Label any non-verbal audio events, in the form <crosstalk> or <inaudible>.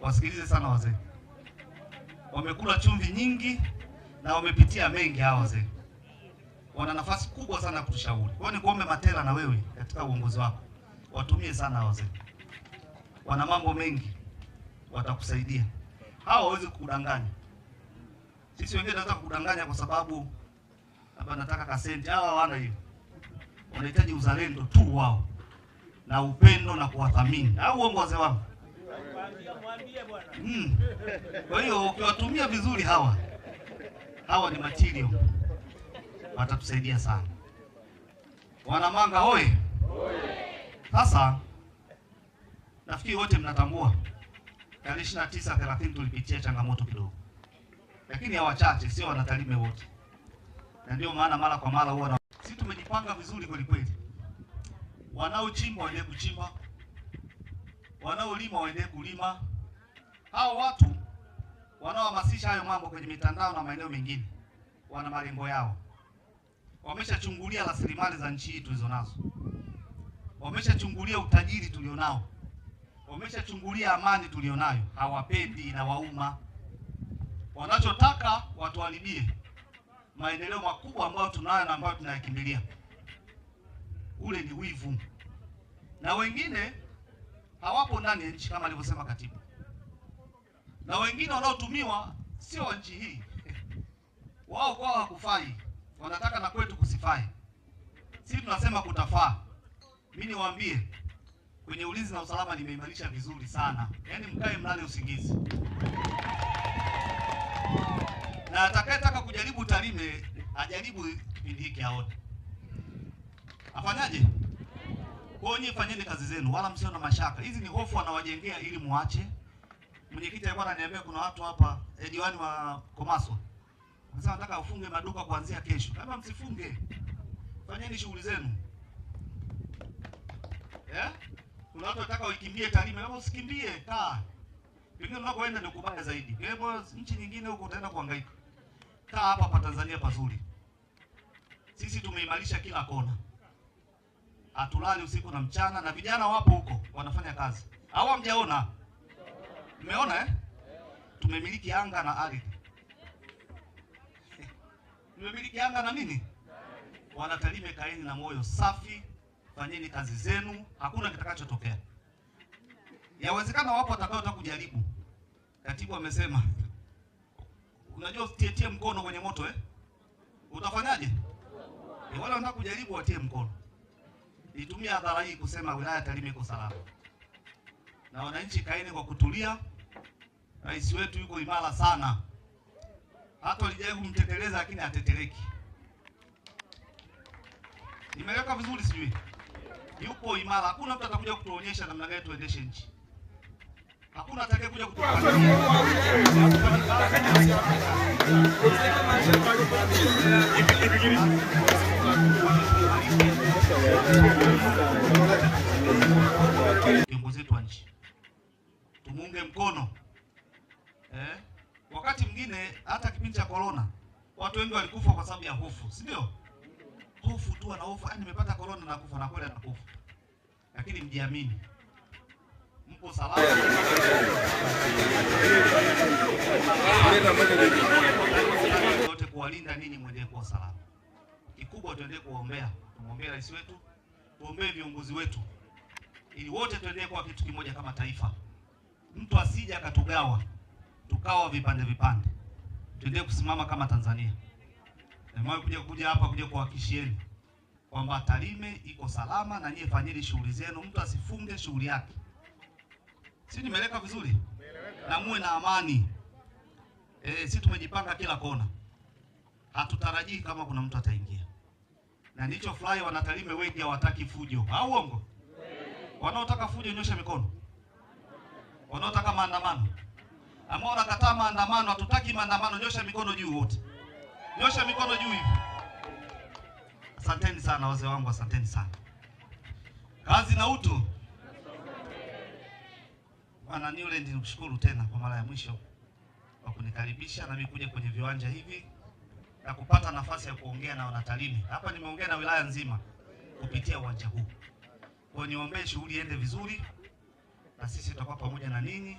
Wasikilize sana wazee, wamekula chumvi nyingi na wamepitia mengi. Hawa wazee wana nafasi kubwa sana kutushauri. Kwa hiyo nikuombe Matela, na wewe katika uongozi wako watumie sana wazee, wana mambo mengi, watakusaidia hawa. Hawawezi kukudanganya. Sisi wengine tunaweza kukudanganya kwa sababu labda nataka kasenti. Hawa hawana hiyo, wanahitaji uzalendo tu wao na upendo na kuwathamini, au uongo wazee wangu? Mm. Kwa hiyo ukiwatumia vizuri hawa hawa ni material, watatusaidia sana. Wanamanga oye sasa nafikiri wote mnatambua tarehe ishirini na tisa thelathini tulipitia changamoto kidogo, lakini ya wachache, sio wanatalime wote, na ndio maana mara kwa mara huwa na... si tumejipanga vizuri kwelikweli. Wanaochimba waendee kuchimba, wanaolima waendee kulima. Hao watu wanaohamasisha hayo mambo kwenye mitandao na maeneo mengine wana malengo yao, wameshachungulia rasilimali za nchi hii tulizonazo wameshachungulia utajiri tulionao, wameshachungulia amani tulionayo, hawapendi na wauma. Wanachotaka watuharibie maendeleo makubwa ambayo tunayo na ambayo tunayakimbilia. Ule ni wivu, na wengine hawapo ndani ya nchi kama alivyosema katibu, na wengine wanaotumiwa sio wa nchi hii wao kwao hakufai, wanataka na kwetu kusifai. Sisi tunasema kutafaa. Mimi niwaambie kwenye ulinzi na usalama nimeimarisha vizuri sana, yaani mkae mlale usingizi. Na atakayetaka kujaribu Tarime ajaribu kipindi hiki aone afanyaje. Kwa hiyo fanyeni kazi zenu, wala msio na mashaka. Hizi ni hofu wanawajengea ili muache. Mwenyekiti alikuwa ananiambia kuna watu hapa eh, diwani wa Komaso sasa nataka ufunge maduka kuanzia kesho. Kama msifunge, fanyeni shughuli zenu eh? Unataka ukimbie Tarime na usikimbie kaa. Pengine unakoenda ni kubaya zaidi. Kwa eh, hivyo nchi nyingine huko utaenda kuhangaika. Kaa hapa pa Tanzania pazuri. Sisi tumeimarisha kila kona. Hatulali usiku na mchana na vijana wapo huko wanafanya kazi. Hawa mjaona? Mmeona eh? Tumemiliki anga na ardhi. <laughs> Tumemiliki anga na nini? Wanatarime, kaeni na moyo safi fanyeni kazi zenu, hakuna kitakachotokea. Yawezekana wapo watakaotaka kujaribu. Katibu amesema, unajua usitetie mkono kwenye moto eh? Utafanyaje? E, wale wanataka kujaribu watie mkono. Nitumie hadhara hii kusema wilaya Tarime iko salama, na wananchi, kaeni kwa kutulia. Rais wetu yuko imara sana, hata walijaribu kumteteleza, lakini atetereki imeweka vizuri sijui? yupo imara. Hakuna mtu atakuja kutuonyesha namna gani tuendeshe nchi, hakuna atakayekuja viongozi wetu wa nchi tumuunge mkono eh. Wakati mwingine hata kipindi cha corona watu wengi walikufa kwa sababu ya hofu, si ndio? watu wanaofa, yaani nimepata corona na kufa, na kweli anakufa, lakini mjiamini, mko salama. Wote kuwalinda ninyi mwenyewe kwa salama. Kikubwa tuendelee kuombea, tumuombee rais wetu, tuombee viongozi wetu, ili wote tuendelee kwa kitu kimoja kama taifa, mtu asije akatugawa tukawa vipande vipande. Tuendelee kusimama kama Tanzania. Nimewahi kuja kuja hapa kuja kuwahakikishieni kwamba Tarime iko salama na nyie fanyeni shughuli zenu, mtu asifunge shughuli yake. Si nimeleka vizuri? Na muwe na amani. E, si tumejipanga kila kona, hatutarajii kama kuna mtu ataingia, na nicho fly wana wanatarime wengi hawataki fujo, au uongo? Wanaotaka fujo nyosha mikono, wanaotaka maandamano, ambao wanakataa maandamano, hatutaki maandamano, nyosha mikono juu wote, nyosha mikono juu hivi. Asanteni sana wazee wangu, asanteni sana. Kazi na utu. Bwana Newland, nikushukuru tena kwa mara ya mwisho kwa kunikaribisha nami kuja kwenye viwanja hivi na kupata nafasi ya kuongea na wanatalimi hapa. Nimeongea na wilaya nzima kupitia uwanja huu, kwa niombee shughuli iende vizuri, na sisi tutakuwa pamoja na ninyi.